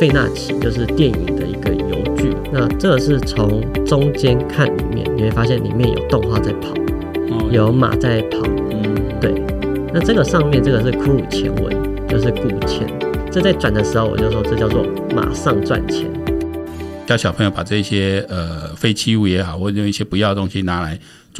費納奇就是電影的一個遊具，那這是從中間看裡面，你會發現裡面有動畫在跑，有馬在跑，嗯，對。那這個上面這個是枯儒錢紋，就是古錢。這在轉的時候，我就說這叫做馬上賺錢。教小朋友把這些呃廢棄物也好，或用一些不要的東西拿來。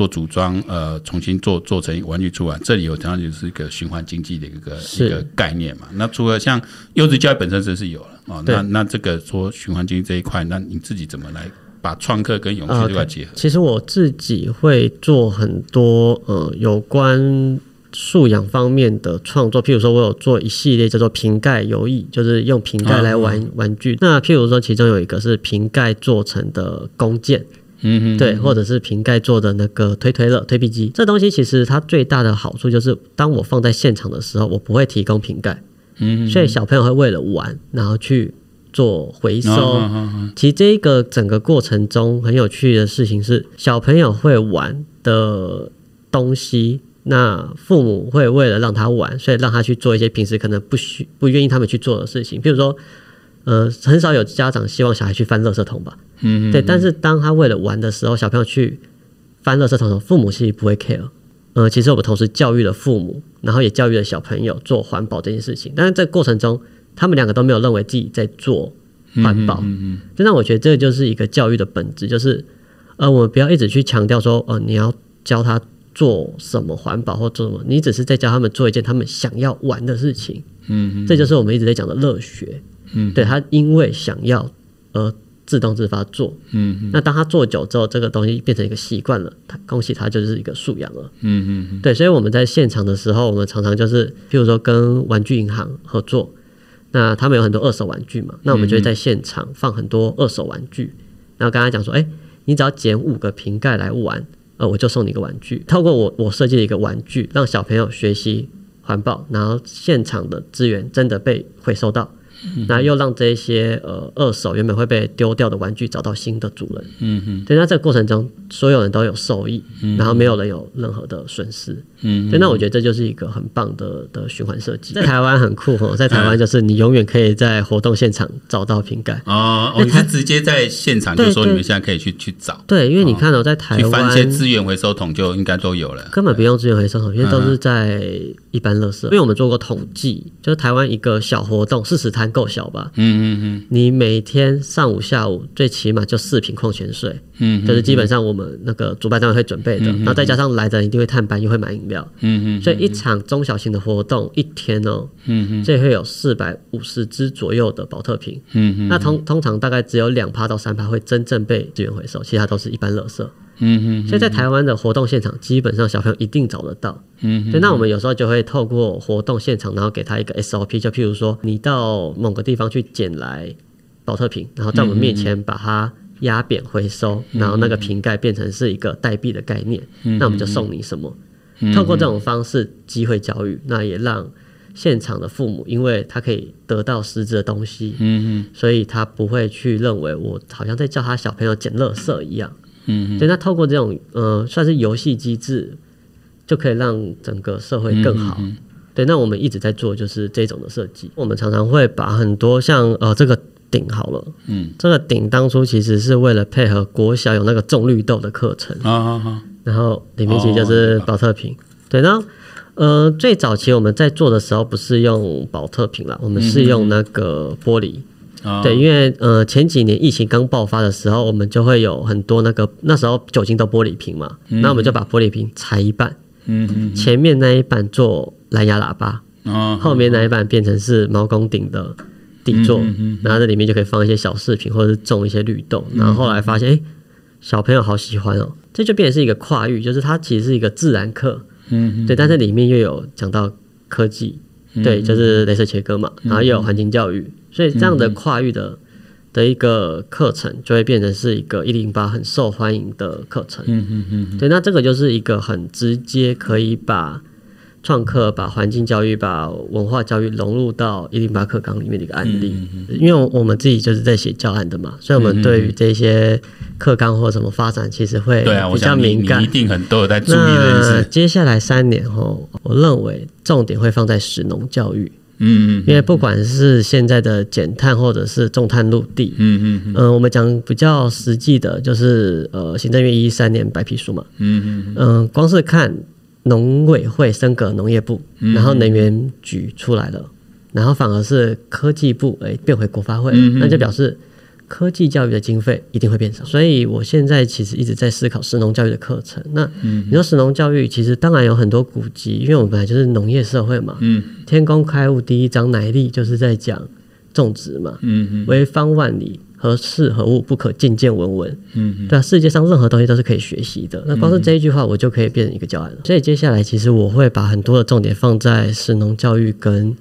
做組裝，呃，重新做做成玩具出來，這裡有實際上就是一個循環經濟的一個是一個概念嘛。那除了像優質教育本身真的是有了啊，哦、對那那這個說循環經濟這一塊，那你自己怎麼來把創客跟永續這塊結合？其實我自己會做很多呃有關素養方面的創作，譬如說我有做一系列叫做瓶蓋遊藝，就是用瓶蓋來玩、嗯、玩具。那譬如說其中有一個是瓶蓋做成的弓箭。嗯哼嗯哼，對，或者是瓶蓋做的那個推推樂、推幣機，這東西其實它最大的好處就是，當我放在現場的時候，我不會提供瓶蓋，嗯，嗯，所以小朋友會為了玩，然後去做回收。哦哦哦、其實這一個整個過程中很有趣的事情是，小朋友會玩的東西，那父母會為了讓他玩，所以讓他去做一些平時可能不需、不願意他們去做的事情，比如說。呃，很少有家長希望小孩去翻垃圾桶吧？嗯， 對。但是當他為了玩的時候，小朋友去翻垃圾桶的時候，父母其實不會 care。呃，其實我們同時教育了父母，然後也教育了小朋友做環保這件事情。但是，這個過程中，他們兩個都沒有認為自己在做環保。嗯，這讓我覺得，這就是一個教育的本質，就是呃，我們不要一直去強調說，呃，你要教他做什麼環保或做什麼，你只是在教他們做一件他們想要玩的事情。嗯。 這就是我們一直在講的樂學。嗯，對他因為想要而自動自發做，嗯，嗯那當他做久之後，這個東西變成一個習慣了，他恭喜他就是一個素養了，嗯嗯，嗯嗯對，所以我們在現場的時候，我們常常就是，譬如說跟玩具銀行合作，那他們有很多二手玩具嘛，那我們就會在現場放很多二手玩具，嗯嗯、然後跟他講說，誒、欸，你只要撿五個瓶蓋來玩，呃，我就送你一個玩具。透過我我設計了一個玩具，讓小朋友學習環保，然後現場的資源真的被回收到。那又讓這些呃二手原本會被丟掉的玩具找到新的主人，嗯哼，對，那這個過程中所有人都有受益，嗯，然後沒有人有任何的損失，嗯，所以那我覺得這就是一個很棒的的循環設計，在台灣很酷哦，在台灣就是你永遠可以在活動現場找到瓶蓋哦他直接在現場就說你們現在可以去去找，對，因為你看到在台灣翻一些資源回收桶就應該都有了，根本不用資源回收桶，因為都是在一般垃圾，因為我們做過統計，就是台灣一個小活動四十台。夠小吧？嗯嗯嗯。你每天上午下午最起碼就四瓶礦泉水，嗯，就是基本上我們那個主辦單位會準備的，然後再加上來的人一定會探班，又會買飲料，嗯嗯。所以一場中小型的活動，一天哦，嗯嗯，這會有四百五十支左右的寶特瓶，嗯嗯。那通通常大概只有兩趴到三趴會真正被資源回收，其他都是一般垃圾。嗯哼，哼，所以在台灣的活動現場，基本上小朋友一定找得到。嗯哼，那我們有時候就會透過活動現場，然後給他一個 SOP，就譬如說，你到某個地方去撿來寶特瓶，然後在我們面前把它壓扁回收，嗯、哼然後那個瓶蓋變成是一個代幣的概念，嗯、哼那我們就送你什麼。嗯、哼透過這種方式機會教育，那也讓現場的父母，因為他可以得到實質的東西，嗯哼，所以他不會去認為我好像在叫他小朋友撿垃圾一樣。嗯，對，那透過這種，嗯、呃，算是遊戲機制，就可以讓整個社會更好。嗯嗯、對，那我們一直在做就是這種的設計。我們常常會把很多像，呃，這個頂好了，嗯，這個頂當初其實是為了配合國小有那個種綠豆的課程，好好好，哦哦、然後裡面其實就是寶特瓶。對，然後，呃，最早期我們在做的時候不是用寶特瓶啦，我們是用那個玻璃。嗯嗯對，因為呃前幾年疫情剛爆發的時候，我們就會有很多那個那時候酒精的玻璃瓶嘛，那、嗯、我們就把玻璃瓶裁一半，嗯嗯嗯、前面那一半做藍牙喇叭，哦、後面那一半變成是毛公鼎的底座，嗯嗯嗯嗯、然後在裡面就可以放一些小飾品或者是種一些綠豆，然後後來發現哎、嗯、小朋友好喜歡哦，這就變成是一個跨域，就是它其實是一個自然課，嗯嗯、對，但是裡面又有講到科技，嗯、對，就是雷射切割嘛，嗯嗯、然後又有環境教育。所以這樣的跨域，的的一個課程，就會變成是一個一零八很受歡迎的課程。嗯嗯嗯。對，那這個就是一個很直接可以把創客、把環境教育、把文化教育融入到一零八課綱裡面的一個案例。因為我們自己就是在寫教案的嘛，所以我們對於這些課綱或什麼發展，其實會對比較敏感，一定很多有在注意。那接下來三年後我認為重點會放在食農教育。嗯嗯，因為不管是現在的減碳或者是重碳陸地，嗯嗯，嗯，我們講比較實際的，就是呃，行政院一三年白皮書嘛，嗯嗯，嗯，光是看農委會升格農業部，然後能源局出來了，然後反而是科技部哎變回國發會，那就表示。科技教育的經費一定會變少，所以我現在其實一直在思考食農教育的課程。那你說食農教育其實當然有很多古籍，因為我們本來就是農業社會嘛。嗯、天工開物第一章乃粒就是在講種植嘛。嗯，嗯為方萬里，何事何物不可見見聞聞？嗯嗯嗯、對啊，世界上任何東西都是可以學習的。那光是這一句話，我就可以變成一個教案了。所以接下來其實我會把很多的重點放在食農教育跟。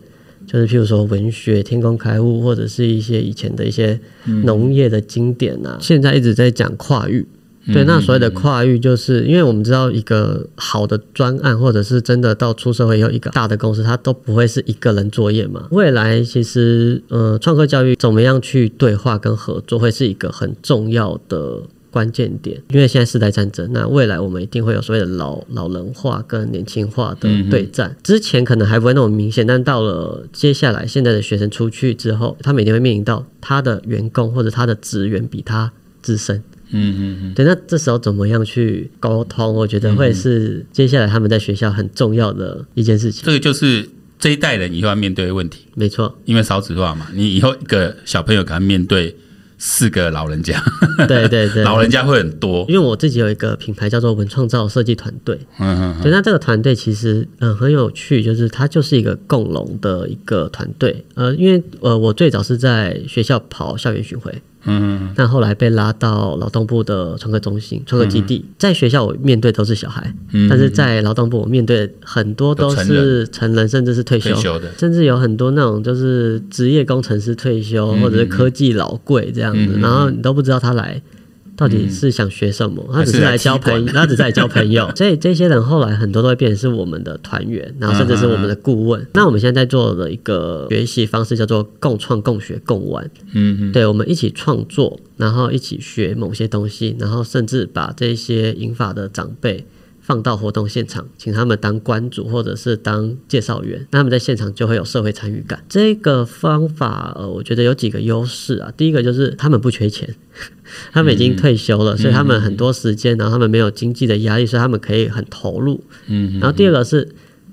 就是譬如說文學《天工開物》，或者是一些以前的一些農業的經典啊。嗯、現在一直在講跨域，嗯、對，那所謂的跨域就是因為我們知道一個好的專案，或者是真的到出社會有一個大的公司，它都不會是一個人作業嘛。未來其實，呃，創客教育怎麼樣去對話跟合作，會是一個很重要的。關鍵點，因為現在世代戰爭，那未來我們一定會有所謂的老老人化跟年輕化的對戰。嗯、哼之前可能還不會那麼明顯，但到了接下來現在的學生出去之後，他每天會面臨到他的員工或者他的職員比他資深。嗯嗯嗯。對，那這時候怎麼樣去溝通？我覺得會是接下來他們在學校很重要的一件事情。這個就是這一代人以後要面對的問題。沒錯，因為少子化嘛，你以後一個小朋友敢面對。四個老人家，對對對，對，老人家會很多。因為我自己有一個品牌叫做文創造設計團隊，嗯，對，那這個團隊其實，嗯，很有趣，就是它就是一個共融的一個團隊。呃，因為呃，我最早是在學校跑校園巡迴。嗯，但後來被拉到勞動部的創客中心、創客基地。嗯，在學校，我面對都是小孩，嗯，但是在勞動部，我面對很多都是成人，成甚至是退休，退休的。甚至有很多那種就是職業工程師退休或者是科技老貴這樣子，嗯，然後你都不知道他來。嗯嗯嗯到底是想學什麼？嗯，他只是來交朋友，他只是來交朋友。 所以這些人後來很多都會變成是我們的團員，然後甚至是我們的顧問。啊啊啊，那我們現在在做的一個學習方式叫做共創、共學、共玩。嗯哼，對，我們一起創作，然後一起學某些東西，然後甚至把這些英法的長輩，放到活動現場，請他們當關主或者是當介紹員，那他們在現場就會有社會參與感。這個方法，呃，我覺得有幾個優勢啊。第一個就是他們不缺錢， 他們已經退休了，嗯、所以他們很多時間，然後他們沒有經濟的壓力，所以他們可以很投入。嗯。嗯然後第二個是，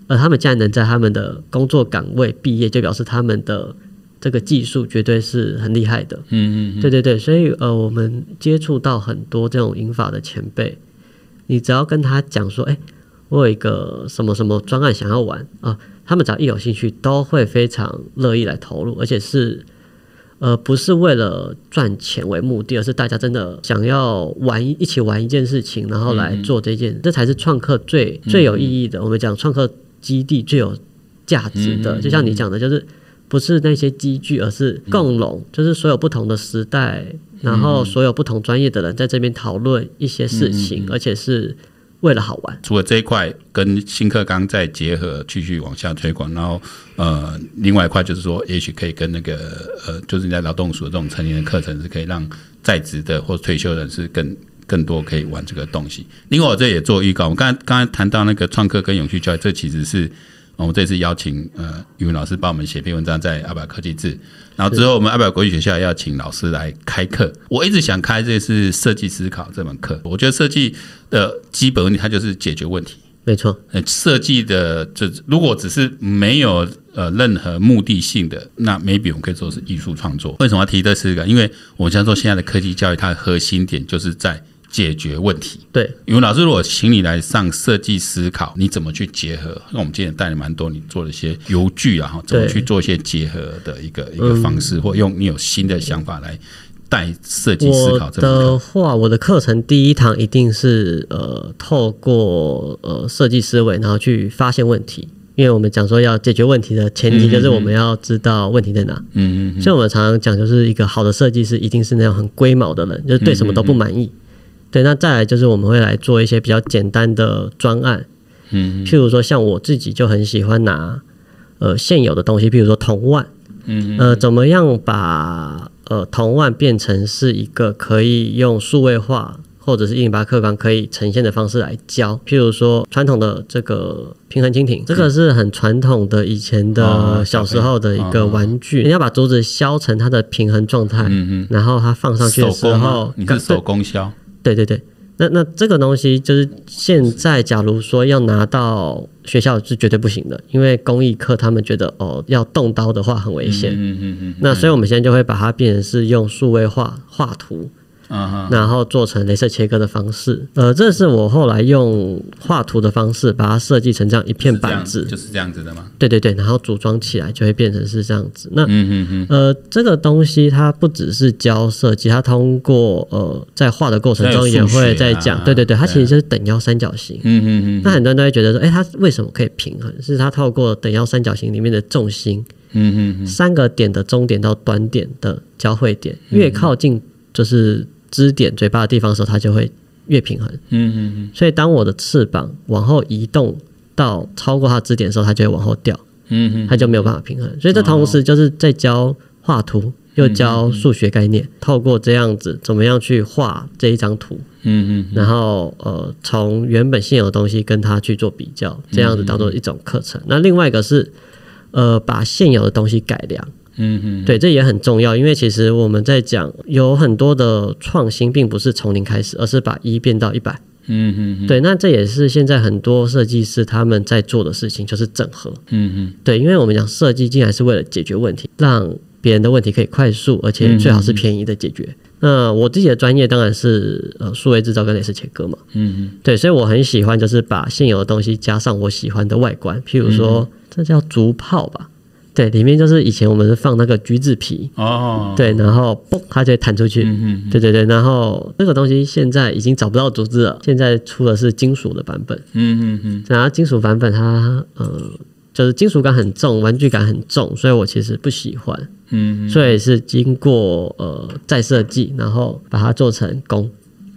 呃，他們既然能在他們的工作崗位畢業，就表示他們的這個技術絕對是很厲害的。嗯嗯嗯。嗯嗯對對對，所以呃，我們接觸到很多這種銀髮的前輩。你只要跟他講說，哎、欸，我有一個什麼什麼專案想要玩啊。他們只要一有興趣，都會非常樂意來投入，而且是呃不是為了賺錢為目的，而是大家真的想要玩，一起玩一件事情，然後來做這件，嗯哼。這才是創客最最有意義的。嗯哼。我們講創客基地最有價值的，嗯哼。就像你講的，就是。不是那些機具，而是共融，嗯、就是所有不同的時代，嗯、然後所有不同專業的人在這邊討論一些事情，嗯、而且是為了好玩。除了這一塊，跟新課綱，剛再結合，繼續往下推廣。然後，呃，另外一塊就是說，也許可以跟那個呃，就是你在勞動署這種成年的課程，是可以讓在職的或退休的人士更更多可以玩這個東西。另外我這也做預告，我剛才剛才談到那個創客跟永續教育，這其實是。我們這次邀請呃宇文老師幫我們寫篇文章在艾葆科技誌，然後之後我們艾葆國際學校要請老師來開課，是我一直想開這是設計思考這門課，我覺得設計的基本問題它就是解決問題，沒錯，設計的就如果只是沒有呃任何目的性的，那 maybe 我們可以說是藝術創作。為什麼要提這四個？因為我們現在做現在的科技教育，它的核心點就是在。解決問題。對，因為老師，如果請你來上設計思考，你怎麼去結合？那我們今天帶了蠻多，你做了一些遊具啊，怎麼去做一些結合的一個一個方式，或用你有新的想法來帶設計思考。我的話，我的課程第一堂一定是呃，透過呃設計思維，然後去發現問題，因為我們講說要解決問題的前提就是我們要知道問題在哪。嗯嗯嗯。所以我們常常講，就是一個好的設計師一定是那種很龜毛的人，就是對什麼都不滿意。對，那再來就是我們會來做一些比較簡單的專案，嗯哼，譬如說像我自己就很喜歡拿呃現有的東西，譬如說童玩，嗯哼，呃，怎麼樣把呃童玩變成是一個可以用數位化或者是印刷刻板可以呈現的方式來教？譬如說傳統的這個平衡蜻蜓，嗯、這個是很傳統的以前的小時候的一個玩具，哦、哦哦你要把竹子削成它的平衡狀態，嗯嗯哼，然後它放上去的時候，手工你看手工削。對對對，那那這個東西就是現在，假如說要拿到學校是絕對不行的，因為工藝課他們覺得哦，要動刀的話很危險。嗯嗯嗯。那所以我們現在就會把它變成是用數位畫畫圖。嗯，uh huh、然後做成雷射切割的方式，呃，這是我後來用畫圖的方式把它設計成這樣一片板子，就是這樣子的嗎？對對對，然後組裝起來就會變成是這樣子。那，嗯嗯嗯，呃，這個東西它不只是教設計，它通過呃在畫的過程中也會在講，啊、對對對，它其實就是等腰三角形。嗯嗯嗯。那很多人都會覺得說，哎、欸，它為什麼可以平衡？是它透過等腰三角形裡面的重心，嗯嗯嗯，三個點的中點到端點的交匯點越、嗯、哼靠近就是支點嘴巴的地方的時候，它就會越平衡。嗯嗯嗯。所以當我的翅膀往後移動到超過它支點的時候，它就會往後掉。嗯嗯。它就沒有辦法平衡。所以這同時就是在教畫圖，又教數學概念。透過這樣子，怎麼樣去畫這一張圖？嗯嗯。然後呃，從原本現有的東西跟它去做比較，這樣子當做一種課程。那另外一個是呃，把現有的東西改良。嗯嗯，對，這也很重要，因為其實我們在講有很多的創新，並不是從零開始，而是把一變到一百。嗯嗯對，那這也是現在很多設計師他們在做的事情，就是整合。嗯嗯哼，對，因為我們講設計，竟然是為了解決問題，讓別人的問題可以快速而且最好是便宜的解決。嗯、哼哼，那我自己的專業當然是呃，數位製造跟雷射切割嘛。嗯嗯哼，對，所以我很喜歡，就是把現有的東西加上我喜歡的外觀，譬如說，嗯、哼這叫竹炮吧。對，裡面就是以前我們是放那個橘子皮哦，oh. 對，然後嘣，它就彈出去。Mm hmm. 對對對，然後這個東西現在已經找不到竹子了，現在出的是金屬的版本。嗯嗯嗯，hmm. 然後金屬版本它呃，就是金屬感很重，玩具感很重，所以我其實不喜歡。嗯、mm，hmm. 所以是經過呃再設計，然後把它做成弓。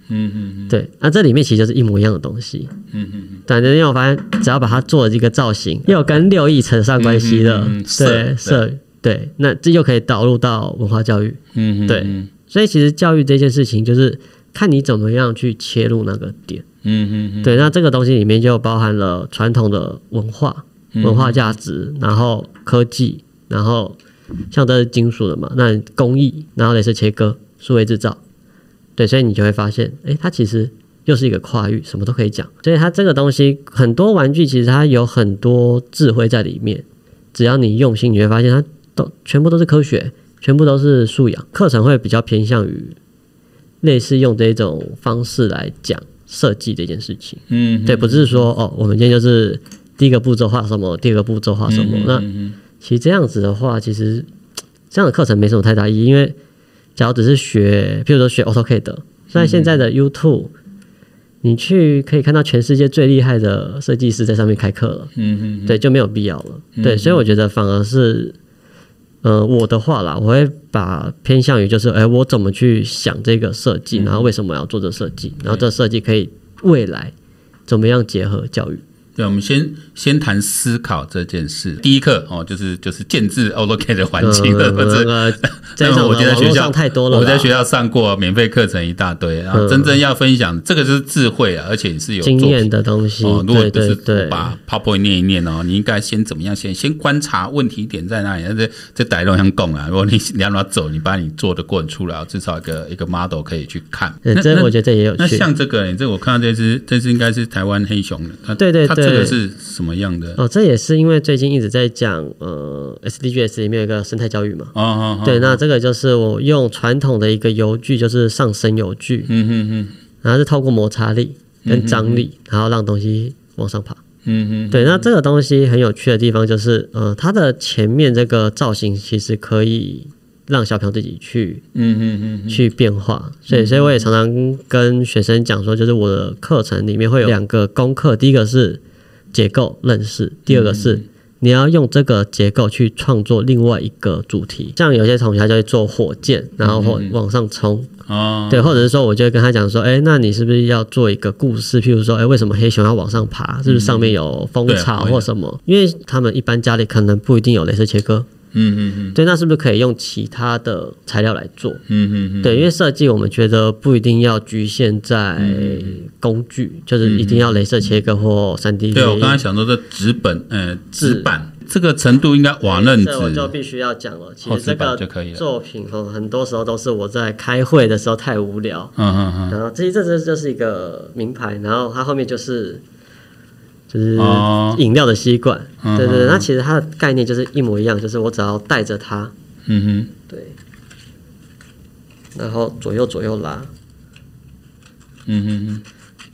嗯嗯嗯，對，那這裡面其實是一模一樣的東西。嗯哼嗯嗯，因為我發現只要把它做了一個造型，又有跟六藝扯上關係了，嗯嗯對，所對，對，那這就可以導入到文化教育。嗯哼嗯，對，所以其實教育這件事情就是看你怎麼樣去切入那個點。嗯哼嗯嗯，對，那這個東西裡面就包含了傳統的文化、文化價值，然後科技，然後像這是金屬的嘛，那工藝，然後也是切割、數位製造。對，所以你就會發現，誒，它其實又是一個跨域，什麼都可以講。所以它這個東西，很多玩具其實它有很多智慧在裡面。只要你用心，你會發現它都全部都是科學，全部都是素養。課程會比較偏向於類似用這一種方式來講設計這件事情。嗯哼，對，不是說哦，我們今天就是第一個步驟畫什麼，第二個步驟畫什麼。嗯、哼那其實這樣子的話，其實這樣的課程沒什麼太大意義，因為。只要只是學，譬如說學 AutoCAD，雖然現在的 YouTube，嗯、你去可以看到全世界最厲害的設計師在上面開課了，嗯，嗯，嗯，對，就沒有必要了，嗯、對，所以我覺得反而是，呃，我的話啦，我會把偏向於就是，哎、欸，我怎麼去想這個設計，然後為什麼要做這設計，然後這設計可以未來怎麼樣結合教育。對，我們先先談思考這件事。第一課哦，就是就是建置 OK 的環境的。我在學校太多了。我在學校上過免費課程一大堆，然後真正要分享這個是智慧啊，而且是有經驗的東西。如果就是把 PowerPoint 唸一唸哦，你應該先怎麼樣？先先觀察問題點在哪裡。這這歹多人講啊，如果你你要走，你把你做的過程出來，至少一個一個 model 可以去看。那我覺得這也有趣。那像這個，這我看到這隻，這隻應該是台灣黑熊的。對對對。對這個是什麼樣的？哦，這也是因為最近一直在講呃，SDGs 裡面有一個生態教育嘛。哦哦，對，那這個就是我用傳統的一個遊具，就是上升遊具。嗯嗯嗯。然後是透過摩擦力跟張力，嗯嗯嗯、然後讓東西往上爬。嗯嗯。嗯嗯對，那這個東西很有趣的地方就是，呃，它的前面這個造型其實可以讓小朋友自己去，嗯嗯嗯，嗯嗯去變化。所以、嗯，所以我也常常跟學生講說，就是我的課程裡面會有兩個功課，第一個是。結構認識，第二個是、嗯、你要用這個結構去創作另外一個主題。像有些同學他就會做火箭，然後或往上衝，嗯嗯嗯、對，或者是說我就會跟他講說，哎，那你是不是要做一個故事？譬如說，哎，為什麼黑熊要往上爬？嗯、是不是上面有蜂巢或什麼？因為他們一般家裡可能不一定有雷射切割。嗯嗯嗯，對，那是不是可以用其他的材料來做？嗯嗯嗯，對，因為設計我們覺得不一定要局限在工具，嗯、哼哼，就是一定要雷射切割或三 D。對，我剛才想說的紙本，呃，紙板是這個程度應該瓦楞紙，這我就必須要講了。其實這個作品哦，很多時候都是我在開會的時候太無聊，嗯嗯嗯，然後這些這這這是一個名牌，然後它後面就是。就是飲料的吸管，oh, 對對，oh, oh, oh. 那其實它的概念就是一模一樣，就是我只要帶着它，嗯哼、mm，hmm. 對，然後左右左右拉，嗯哼、mm hmm.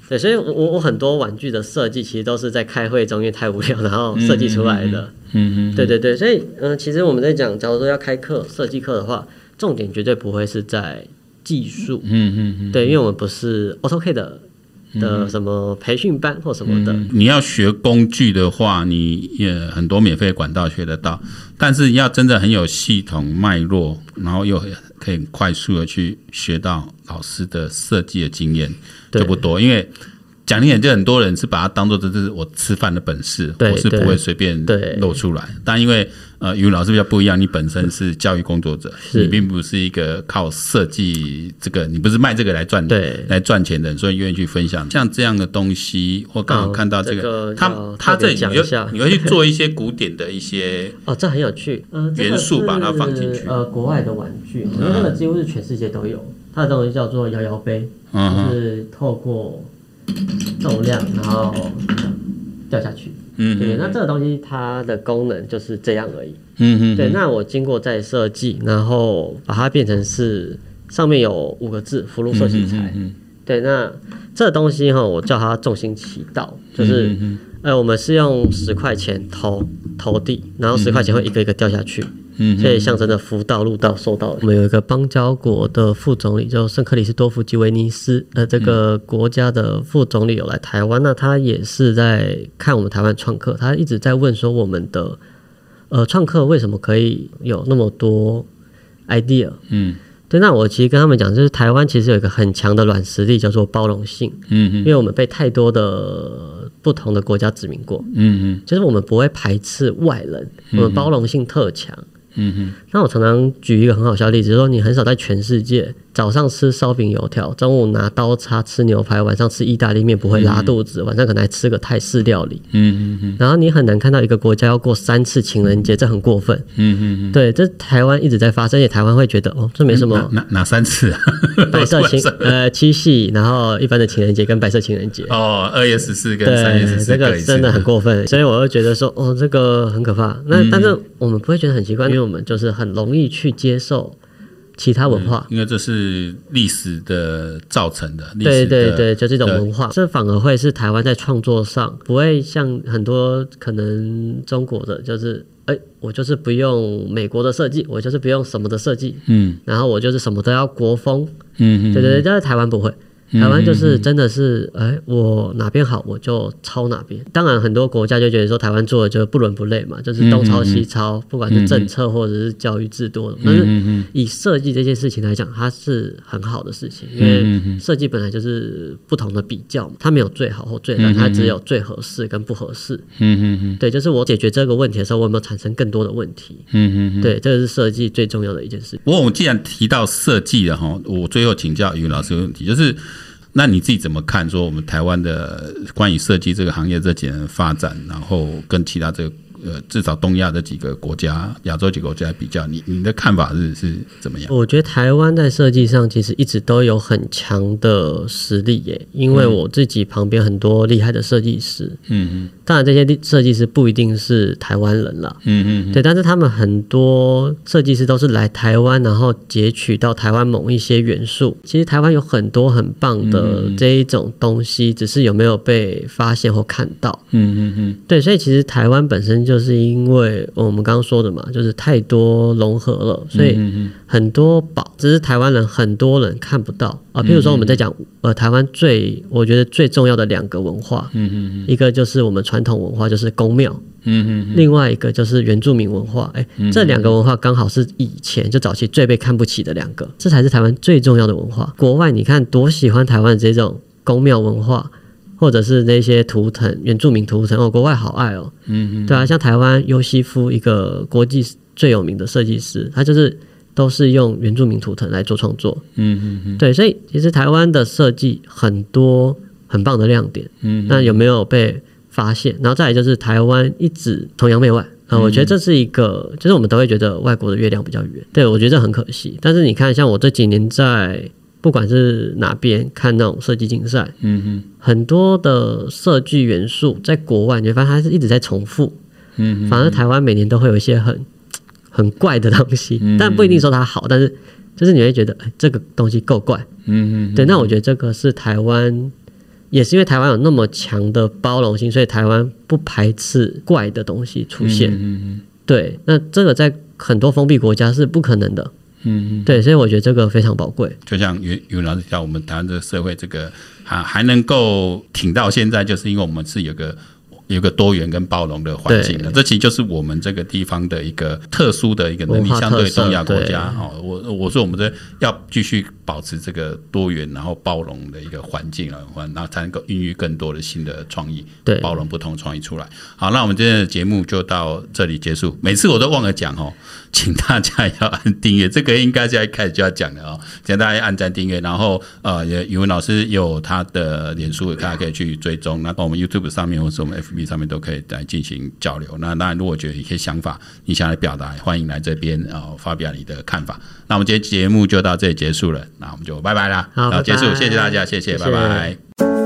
對，所以我我很多玩具的設計其實都是在開會中因為太無聊然後設計出來的，嗯哼、mm，hmm. 對對對，所以嗯、呃，其實我們在講，假如說要開課設計課的話，重點絕對不會是在技術，嗯哼、mm hmm. 對，因為我們不是 AutoCAD 的。的什麼培訓班或什麼的、嗯嗯，你要學工具的話，你也很多免費管道，學得到，但是要真的很有系統脈絡，然後又可以快速的去學到老師的設計的經驗就不多，因為。講一點，就很多人是把它當做這是我吃飯的本事，我是不會隨便露出來。但因為呃，宇文老師比較不一樣，你本身是教育工作者，你並不是一個靠設計這個，你不是賣這個來賺，來賺錢的人，所以願意去分享。像這樣的東西，我剛好看到這個，他他在講一下，你會去做一些古典的一些哦，這很有趣，元素把它放進去。呃，國外的玩具，因為那個幾乎是全世界都有，它的東西叫做搖搖杯，就是透過。重量，然後這樣掉下去。嗯，對，那這個東西它的功能就是這樣而已。嗯嗯，對，那我經過再設計，然後把它變成是上面有五個字“福祿壽喜財”。嗯，對，那這個東西哈，我叫它重心祈禱。就是，哎、欸，我們是用十塊錢投投地，然後十塊錢會一個一個掉下去。嗯，所以象徵着福道、祿道、壽道。我們有一個邦交國的副總理，叫聖克里斯多福及尼維斯，呃，這個國家的副總理有來台灣，那他也是在看我們台灣創客，他一直在問說我們的呃創客為什麼可以有那麼多 idea？嗯，對。那我其實跟他們講，就是台灣其實有一個很強的軟實力，叫做包容性。嗯嗯，因為我們被太多的不同的國家殖民過。嗯嗯，就是我們不會排斥外人，我們包容性特強。嗯哼，那我常常舉一個很好笑的例子，就是說你很少在全世界，早上吃燒餅油條，中午拿刀叉吃牛排，晚上吃意大利麵不會拉肚子。晚上可能還吃個泰式料理。嗯嗯嗯。然後你很難看到一個國家要過三次情人節，這很過分。嗯嗯嗯。對，這台灣一直在發生，也台灣會覺得哦，這沒什麼。哪哪三次啊？白色情呃七夕，然後一般的情人節跟白色情人節。哦，二月十四跟三月十四可以。這個真的很過分，所以我就覺得說哦，這個很可怕。那但是我們不會覺得很奇怪，因為我們就是很容易去接受。其他文化、嗯，因為這是歷史的造成的。歷史的對對對，就這、是、種文化，對這反而會是台灣在創作上不會像很多可能中國的，就是哎，我就是不用美國的設計，我就是不用什麼的設計，嗯，然後我就是什麼都要國風，嗯嗯哼，對對對，但是台灣不會。台灣就是真的是，哎、欸，我哪邊好我就抄哪邊。當然，很多國家就覺得說，台灣做的就是不倫不類嘛，就是東抄西抄，嗯嗯，不管是政策或者是教育制度。嗯嗯嗯，但是以設計這件事情來講，它是很好的事情，因為設計本來就是不同的比較，它沒有最好或最，它只有最合適跟不合適。嗯嗯嗯，對，就是我解決這個問題的時候，我有沒有產生更多的問題？嗯嗯，嗯對，這個是設計最重要的一件事。不過我們既然提到設計了哈，我最後請教於老師一個問題，就是。那你自己怎麼看？說我們台灣的關於設計這個行業這幾年發展，然後跟其他這個。呃，至少東亞的幾個國家、亞洲幾個國家比較，你你的看法是是怎麼樣？我覺得台灣在設計上其實一直都有很強的實力耶。欸，因為我自己旁邊很多厲害的設計師，嗯嗯哼，當然這些設計師不一定是台灣人了，嗯嗯哼，對，但是他們很多設計師都是來台灣，然後截取到台灣某一些元素。其實台灣有很多很棒的這一種東西，嗯、哼只是有沒有被發現或看到？嗯嗯嗯，對，所以其實台灣本身就。就是因為我們剛剛說的嘛，就是太多融合了，所以很多寶，只是台灣人很多人看不到啊。譬如說我們在講呃台灣最我覺得最重要的兩個文化，嗯、哼哼一個就是我們傳統文化，就是宮廟，嗯、哼哼另外一個就是原住民文化。欸、這兩個文化剛好是以前就早期最被看不起的兩個，這才是台灣最重要的文化。國外你看多喜歡台灣這種宮廟文化。或者是那些圖騰、原住民圖騰哦，國外好愛哦，嗯嗯，嗯對啊，像台灣優席夫一個國際最有名的設計師，他就是都是用原住民圖騰來做創作，嗯嗯嗯，嗯嗯對，所以其實台灣的設計很多很棒的亮點，嗯，那、嗯、有沒有被發現？然後再來就是台灣一直崇洋媚外，啊，我覺得這是一個，嗯、就是我們都會覺得外國的月亮比較圓，對，我覺得這很可惜。但是你看，像我這幾年在。不管是哪邊看那種設計競賽，嗯哼，很多的設計元素在國外，你會發現它是一直在重複，嗯哼，反而台灣每年都會有一些很很怪的東西，嗯哼，但不一定說它好，但是就是你會覺得、欸、這個東西夠怪，嗯哼，對，那我覺得這個是台灣，也是因為台灣有那麼強的包容性，所以台灣不排斥怪的東西出現，嗯哼，對，那這個在很多封閉國家是不可能的。嗯，對，所以我覺得這個非常寶貴。就像宇文老師講，我們台灣這個社會，這個還還能夠挺到現在，就是因為我們是有個有個多元跟包容的環境的。對這其實就是我們這個地方的一個特殊的一個能力，相對東亞國家哈對。我我說，我們這要繼續保持這個多元，然後包容的一個環境啊，然後才能夠孕育更多的新的創意，包容對不同創意出來。好，那我們今天的節目就到這裡結束。每次我都忘了講哦。請大家要按訂閱，這個應該在一開始就要講的哦。請大家按讚訂閱。然後，呃，宇文老師有他的臉書，大家、嗯、可以去追蹤。那到我們 YouTube 上面，或是我們 FB 上面，都可以來進行交流。那那如果覺得一些想法你想來表達，歡迎來這邊啊、呃、發表你的看法。那我們今天節目就到這裡結束了，那我們就拜拜啦，好，結束，拜拜謝謝大家，謝謝，謝謝拜拜。